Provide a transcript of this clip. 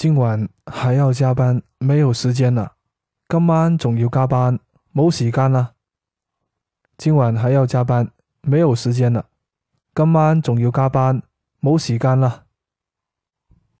今晚還要加班，沒有時間啦。今晚仲要加班，冇時間啦。今晚還要加班，沒有時間啦。今晚仲要加班，冇時間啦。